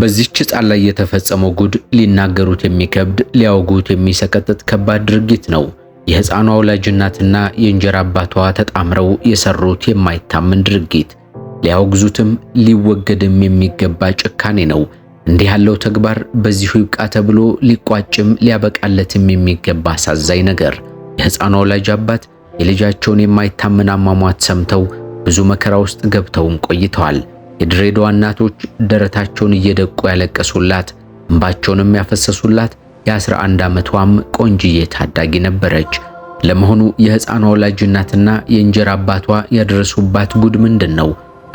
በዚች ሕፃን ላይ የተፈጸመው ጉድ ሊናገሩት የሚከብድ ሊያወጉት የሚሰቀጥጥ ከባድ ድርጊት ነው። የሕፃኗ ወላጅ እናትና የእንጀራ አባቷ ተጣምረው የሰሩት የማይታመን ድርጊት ሊያወግዙትም ሊወገድም የሚገባ ጭካኔ ነው። እንዲህ ያለው ተግባር በዚሁ ይብቃ ተብሎ ሊቋጭም ሊያበቃለትም የሚገባ አሳዛኝ ነገር። የሕፃኗ ወላጅ አባት የልጃቸውን የማይታመን አሟሟት ሰምተው ብዙ መከራ ውስጥ ገብተውም ቆይተዋል። የድሬዳዋ እናቶች ደረታቸውን እየደቁ ያለቀሱላት እንባቸውንም ያፈሰሱላት የ11 ዓመቷም ቆንጅዬ ታዳጊ ነበረች። ለመሆኑ የሕፃኗ ወላጅ እናትና የእንጀራ አባቷ ያደረሱባት ጉድ ምንድን ነው?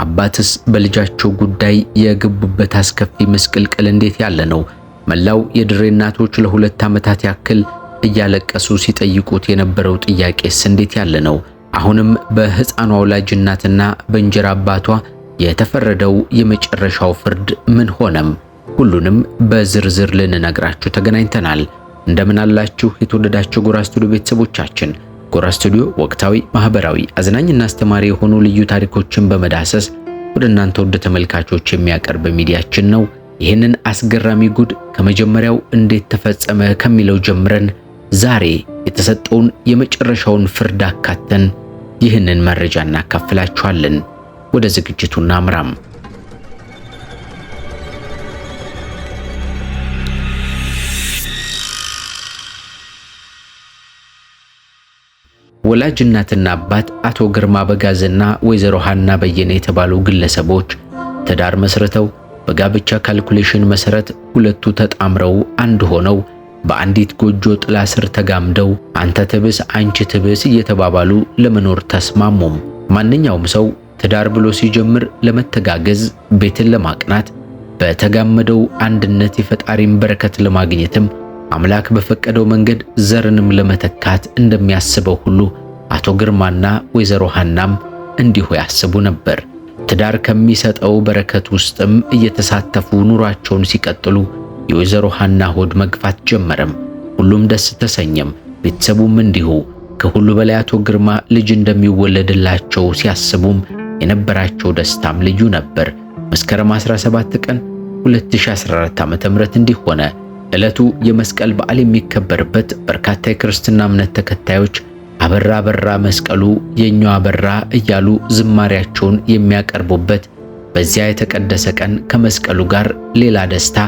አባትስ በልጃቸው ጉዳይ የገቡበት አስከፊ ምስቅልቅል እንዴት ያለ ነው? መላው የድሬ እናቶች ለሁለት ዓመታት ያክል እያለቀሱ ሲጠይቁት የነበረው ጥያቄስ እንዴት ያለ ነው? አሁንም በሕፃኗ ወላጅ እናትና በእንጀራ አባቷ የተፈረደው የመጨረሻው ፍርድ ምን ሆነም? ሁሉንም በዝርዝር ልንነግራችሁ ተገናኝተናል። እንደምን አላችሁ የተወደዳችሁ ጎራ ስቱዲዮ ቤተሰቦቻችን። ጎራ ስቱዲዮ ወቅታዊ፣ ማህበራዊ፣ አዝናኝና አስተማሪ የሆኑ ልዩ ታሪኮችን በመዳሰስ ወደ እናንተ ወደ ተመልካቾች የሚያቀርብ ሚዲያችን ነው። ይህንን አስገራሚ ጉድ ከመጀመሪያው እንዴት ተፈጸመ ከሚለው ጀምረን ዛሬ የተሰጠውን የመጨረሻውን ፍርድ አካተን ይህንን መረጃ እናካፍላችኋለን። ወደ ዝግጅቱ እናምራም። ወላጅ እናትና አባት አቶ ግርማ በጋዝና ወይዘሮ ሃና በየነ የተባሉ ግለሰቦች ትዳር መስርተው በጋብቻ ካልኩሌሽን መሰረት ሁለቱ ተጣምረው አንድ ሆነው በአንዲት ጎጆ ጥላ ስር ተጋምደው አንተ ትብስ አንቺ ትብስ እየተባባሉ ለመኖር ተስማሙም። ማንኛውም ሰው ትዳር ብሎ ሲጀምር ለመተጋገዝ፣ ቤትን ለማቅናት፣ በተጋመደው አንድነት የፈጣሪን በረከት ለማግኘትም አምላክ በፈቀደው መንገድ ዘርንም ለመተካት እንደሚያስበው ሁሉ አቶ ግርማና ወይዘሮ ሐናም እንዲሁ ያስቡ ነበር። ትዳር ከሚሰጠው በረከት ውስጥም እየተሳተፉ ኑሯቸውን ሲቀጥሉ የወይዘሮ ሃና ሆድ መግፋት ጀመረም። ሁሉም ደስ ተሰኘም፣ ቤተሰቡም እንዲሁ። ከሁሉ በላይ አቶ ግርማ ልጅ እንደሚወለድላቸው ሲያስቡም የነበራቸው ደስታም ልዩ ነበር። መስከረም 17 ቀን 2014 ዓ.ም እንዲህ ሆነ። ዕለቱ የመስቀል በዓል የሚከበርበት በርካታ የክርስትና እምነት ተከታዮች አበራ በራ መስቀሉ የኛው አበራ እያሉ ዝማሪያቸውን የሚያቀርቡበት በዚያ የተቀደሰ ቀን ከመስቀሉ ጋር ሌላ ደስታ፣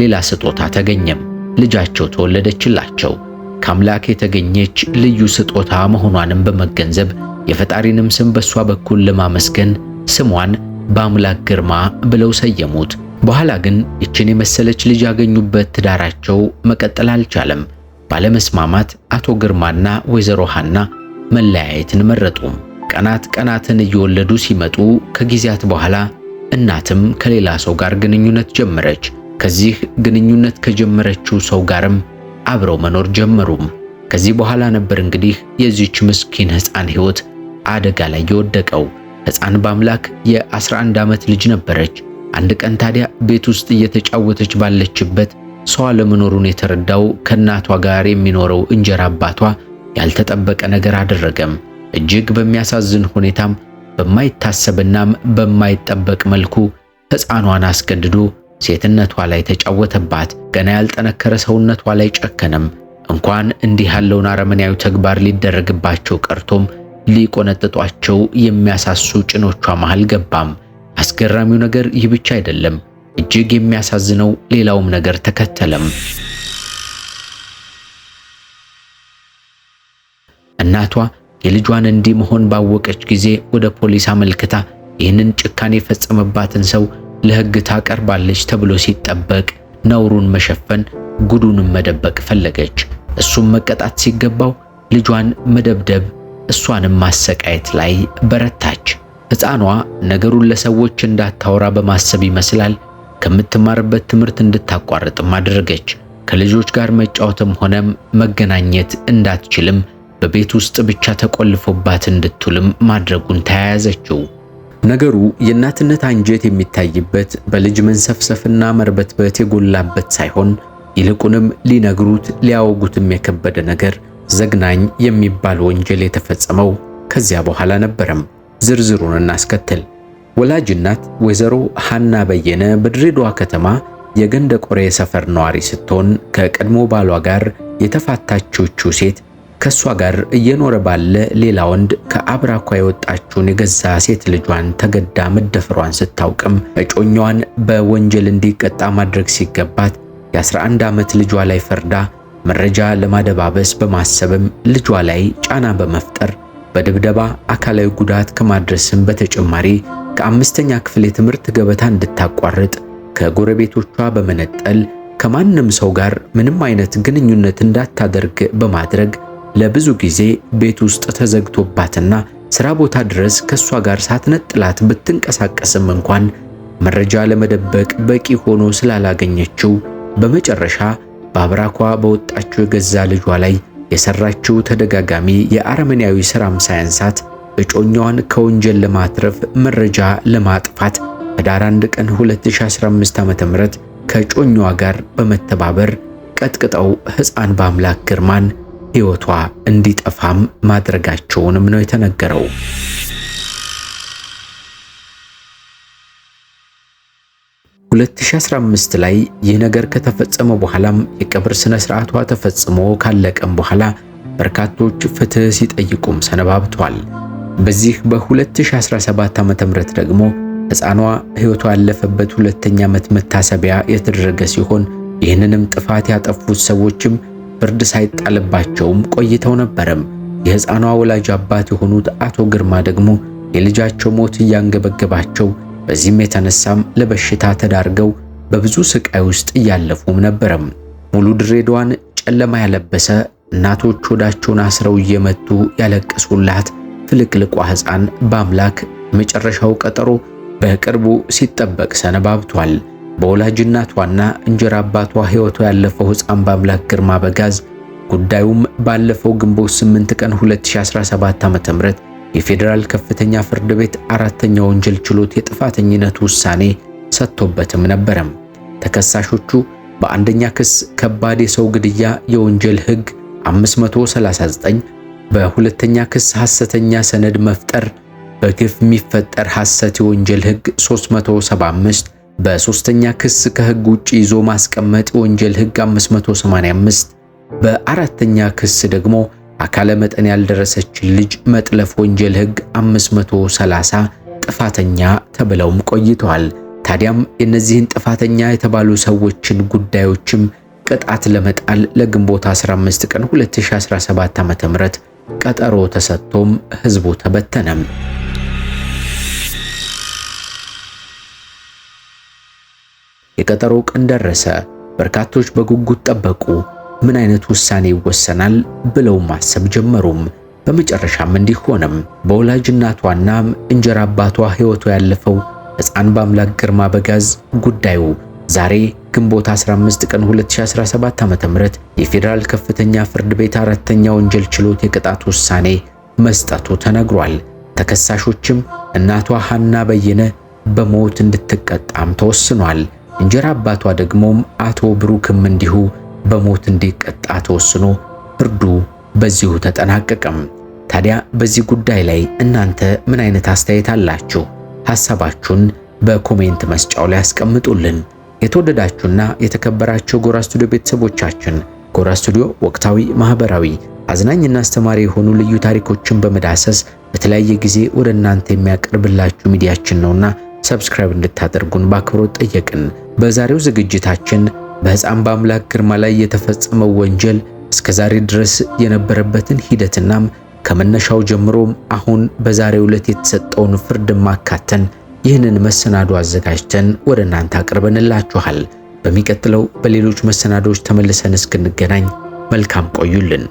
ሌላ ስጦታ ተገኘም። ልጃቸው ተወለደችላቸው። ከአምላክ የተገኘች ልዩ ስጦታ መሆኗንም በመገንዘብ የፈጣሪንም ስም በሷ በኩል ለማመስገን ስሟን በአምላክ ግርማ ብለው ሰየሙት። በኋላ ግን ይችን የመሰለች ልጅ ያገኙበት ትዳራቸው መቀጠል አልቻለም። ባለመስማማት አቶ ግርማና ወይዘሮ ሃና መለያየትን መረጡ። ቀናት ቀናትን እየወለዱ ሲመጡ ከጊዜያት በኋላ እናትም ከሌላ ሰው ጋር ግንኙነት ጀመረች። ከዚህ ግንኙነት ከጀመረችው ሰው ጋርም አብረው መኖር ጀመሩም። ከዚህ በኋላ ነበር እንግዲህ የዚች ምስኪን ሕፃን ሕይወት አደጋ ላይ የወደቀው። ሕፃን በአምላክ የ11 ዓመት ልጅ ነበረች። አንድ ቀን ታዲያ ቤት ውስጥ እየተጫወተች ባለችበት ሰው አለመኖሩን የተረዳው ከእናቷ ጋር የሚኖረው እንጀራ አባቷ ያልተጠበቀ ነገር አደረገም። እጅግ በሚያሳዝን ሁኔታም በማይታሰብናም በማይጠበቅ መልኩ ሕፃኗን አስገድዶ ሴትነቷ ላይ ተጫወተባት። ገና ያልጠነከረ ሰውነቷ ላይ ጨከነም። እንኳን እንዲህ ያለውን አረመኔያዊ ተግባር ሊደረግባቸው ቀርቶም ሊቆነጥጧቸው የሚያሳሱ ጭኖቿ መሃል ገባም። አስገራሚው ነገር ይህ ብቻ አይደለም። እጅግ የሚያሳዝነው ሌላውም ነገር ተከተለም። እናቷ የልጇን እንዲህ መሆን ባወቀች ጊዜ ወደ ፖሊስ አመልክታ ይህንን ጭካኔ የፈጸመባትን ሰው ለሕግ ታቀርባለች ተብሎ ሲጠበቅ ነውሩን መሸፈን ጉዱንም መደበቅ ፈለገች። እሱም መቀጣት ሲገባው ልጇን መደብደብ እሷንም ማሰቃየት ላይ በረታች። ሕፃኗ ነገሩን ለሰዎች እንዳታወራ በማሰብ ይመስላል ከምትማርበት ትምህርት እንድታቋርጥም አደረገች። ከልጆች ጋር መጫወትም ሆነም መገናኘት እንዳትችልም በቤት ውስጥ ብቻ ተቆልፎባት እንድትውልም ማድረጉን ተያያዘችው። ነገሩ የእናትነት አንጀት የሚታይበት በልጅ መንሰፍሰፍና መርበትበት የጎላበት ሳይሆን ይልቁንም ሊነግሩት ሊያወጉትም የከበደ ነገር ዘግናኝ የሚባል ወንጀል የተፈጸመው ከዚያ በኋላ ነበረም። ዝርዝሩን እናስከትል። ወላጅ እናት ወይዘሮ ሀና በየነ በድሬዳዋ ከተማ የገንደ ቆሬ ሰፈር ነዋሪ ስትሆን ከቀድሞ ባሏ ጋር የተፋታችዎቹ ሴት ከእሷ ጋር እየኖረ ባለ ሌላ ወንድ ከአብራኳ የወጣችውን የገዛ ሴት ልጇን ተገዳ መደፈሯን ስታውቅም እጮኛዋን በወንጀል እንዲቀጣ ማድረግ ሲገባት የ11 ዓመት ልጇ ላይ ፈርዳ መረጃ ለማደባበስ በማሰብም ልጇ ላይ ጫና በመፍጠር በድብደባ አካላዊ ጉዳት ከማድረስም በተጨማሪ ከአምስተኛ ክፍል የትምህርት ገበታ እንድታቋርጥ ከጎረቤቶቿ በመነጠል ከማንም ሰው ጋር ምንም አይነት ግንኙነት እንዳታደርግ በማድረግ ለብዙ ጊዜ ቤት ውስጥ ተዘግቶባትና ስራ ቦታ ድረስ ከሷ ጋር ሳትነጥላት ብትንቀሳቀስም እንኳን መረጃ ለመደበቅ በቂ ሆኖ ስላላገኘችው በመጨረሻ በአብራኳ በወጣችው የገዛ ልጇ ላይ የሰራችው ተደጋጋሚ የአረመኔያዊ ስራም ሳያንሳት እጮኛዋን ከወንጀል ለማትረፍ መረጃ ለማጥፋት ህዳር 1 ቀን 2015 ዓ.ም ከእጮኛዋ ጋር በመተባበር ቀጥቅጠው ህፃን በአምላክ ግርማን ሕይወቷ እንዲጠፋም ማድረጋቸውንም ነው የተነገረው። ሁለት ሺህ አስራ አምስት ላይ ይህ ነገር ከተፈጸመ በኋላም የቀብር ስነ ስርዓቷ ተፈጽሞ ካለቀም በኋላ በርካቶች ፍትህ ሲጠይቁም ሰነባብቷል። በዚህ በ2017 ም ደግሞ ሕፃኗ ሕይወቷ ያለፈበት ሁለተኛ ዓመት መታሰቢያ የተደረገ ሲሆን ይህንንም ጥፋት ያጠፉት ሰዎችም ፍርድ ሳይጣልባቸውም ቆይተው ነበረም። የሕፃኗ ወላጅ አባት የሆኑት አቶ ግርማ ደግሞ የልጃቸው ሞት እያንገበገባቸው፣ በዚህም የተነሳም ለበሽታ ተዳርገው በብዙ ስቃይ ውስጥ እያለፉም ነበረም። ሙሉ ድሬዳዋን ጨለማ ያለበሰ እናቶች ሆዳቸውን አስረው እየመቱ ያለቀሱላት ፍልቅልቋ ሕፃን በአምላክ መጨረሻው ቀጠሮ በቅርቡ ሲጠበቅ ሰነባብቷል። በወላጅ እናቷና እንጀራ አባቷ ሕይወቱ ያለፈው ሕፃን በአምላክ ግርማ በጋዝ ጉዳዩም ባለፈው ግንቦት 8 ቀን 2017 ዓ.ም የፌዴራል ከፍተኛ ፍርድ ቤት አራተኛ ወንጀል ችሎት የጥፋተኝነት ውሳኔ ሰጥቶበትም ነበረም። ተከሳሾቹ በአንደኛ ክስ ከባድ የሰው ግድያ የወንጀል ሕግ 539፣ በሁለተኛ ክስ ሐሰተኛ ሰነድ መፍጠር በግፍ የሚፈጠር ሐሰት የወንጀል ሕግ 375 በሶስተኛ ክስ ከህግ ውጪ ይዞ ማስቀመጥ የወንጀል ህግ 585፣ በአራተኛ ክስ ደግሞ አካለ መጠን ያልደረሰችን ልጅ መጥለፍ ወንጀል ህግ 530 ጥፋተኛ ተብለውም ቆይተዋል። ታዲያም የእነዚህን ጥፋተኛ የተባሉ ሰዎችን ጉዳዮችም ቅጣት ለመጣል ለግንቦት 15 ቀን 2017 ዓ.ም ቀጠሮ ተሰጥቶም ህዝቡ ተበተነም። የቀጠሮ ቀን ደረሰ። በርካቶች በጉጉት ጠበቁ። ምን አይነት ውሳኔ ይወሰናል ብለው ማሰብ ጀመሩም። በመጨረሻም እንዲህ ሆነም። በወላጅ እናቷና እንጀራ አባቷ ህይወቱ ያለፈው ሕፃን በአምላክ ግርማ በጋዝ ጉዳዩ ዛሬ ግንቦት 15 ቀን 2017 ዓ.ም የፌዴራል ከፍተኛ ፍርድ ቤት አራተኛ ወንጀል ችሎት የቅጣት ውሳኔ መስጠቱ ተነግሯል። ተከሳሾችም እናቷ ሐና በየነ በሞት እንድትቀጣም ተወስኗል። እንጀራ አባቷ ደግሞም አቶ ብሩክም እንዲሁ በሞት እንዲቀጣ ተወስኖ ፍርዱ በዚሁ ተጠናቀቀም። ታዲያ በዚህ ጉዳይ ላይ እናንተ ምን አይነት አስተያየት አላችሁ? ሐሳባችሁን በኮሜንት መስጫው ላይ አስቀምጡልን። የተወደዳችሁና የተከበራችሁ ጎራ ስቱዲዮ ቤተሰቦቻችን ጎራ ስቱዲዮ ወቅታዊ፣ ማህበራዊ፣ አዝናኝና አስተማሪ የሆኑ ልዩ ታሪኮችን በመዳሰስ በተለያየ ጊዜ ወደ እናንተ የሚያቀርብላችሁ ሚዲያችን ነውና ሰብስክራይብ እንድታደርጉን በአክብሮት ጠየቅን። በዛሬው ዝግጅታችን በሕፃን በአምላክ ግርማ ላይ የተፈጸመው ወንጀል እስከ ዛሬ ድረስ የነበረበትን ሂደትናም ከመነሻው ጀምሮም አሁን በዛሬው ዕለት የተሰጠውን ፍርድ ማካተን ይህንን መሰናዶ አዘጋጅተን ወደ እናንተ አቅርበንላችኋል። በሚቀጥለው በሌሎች መሰናዶዎች ተመልሰን እስክንገናኝ መልካም ቆዩልን።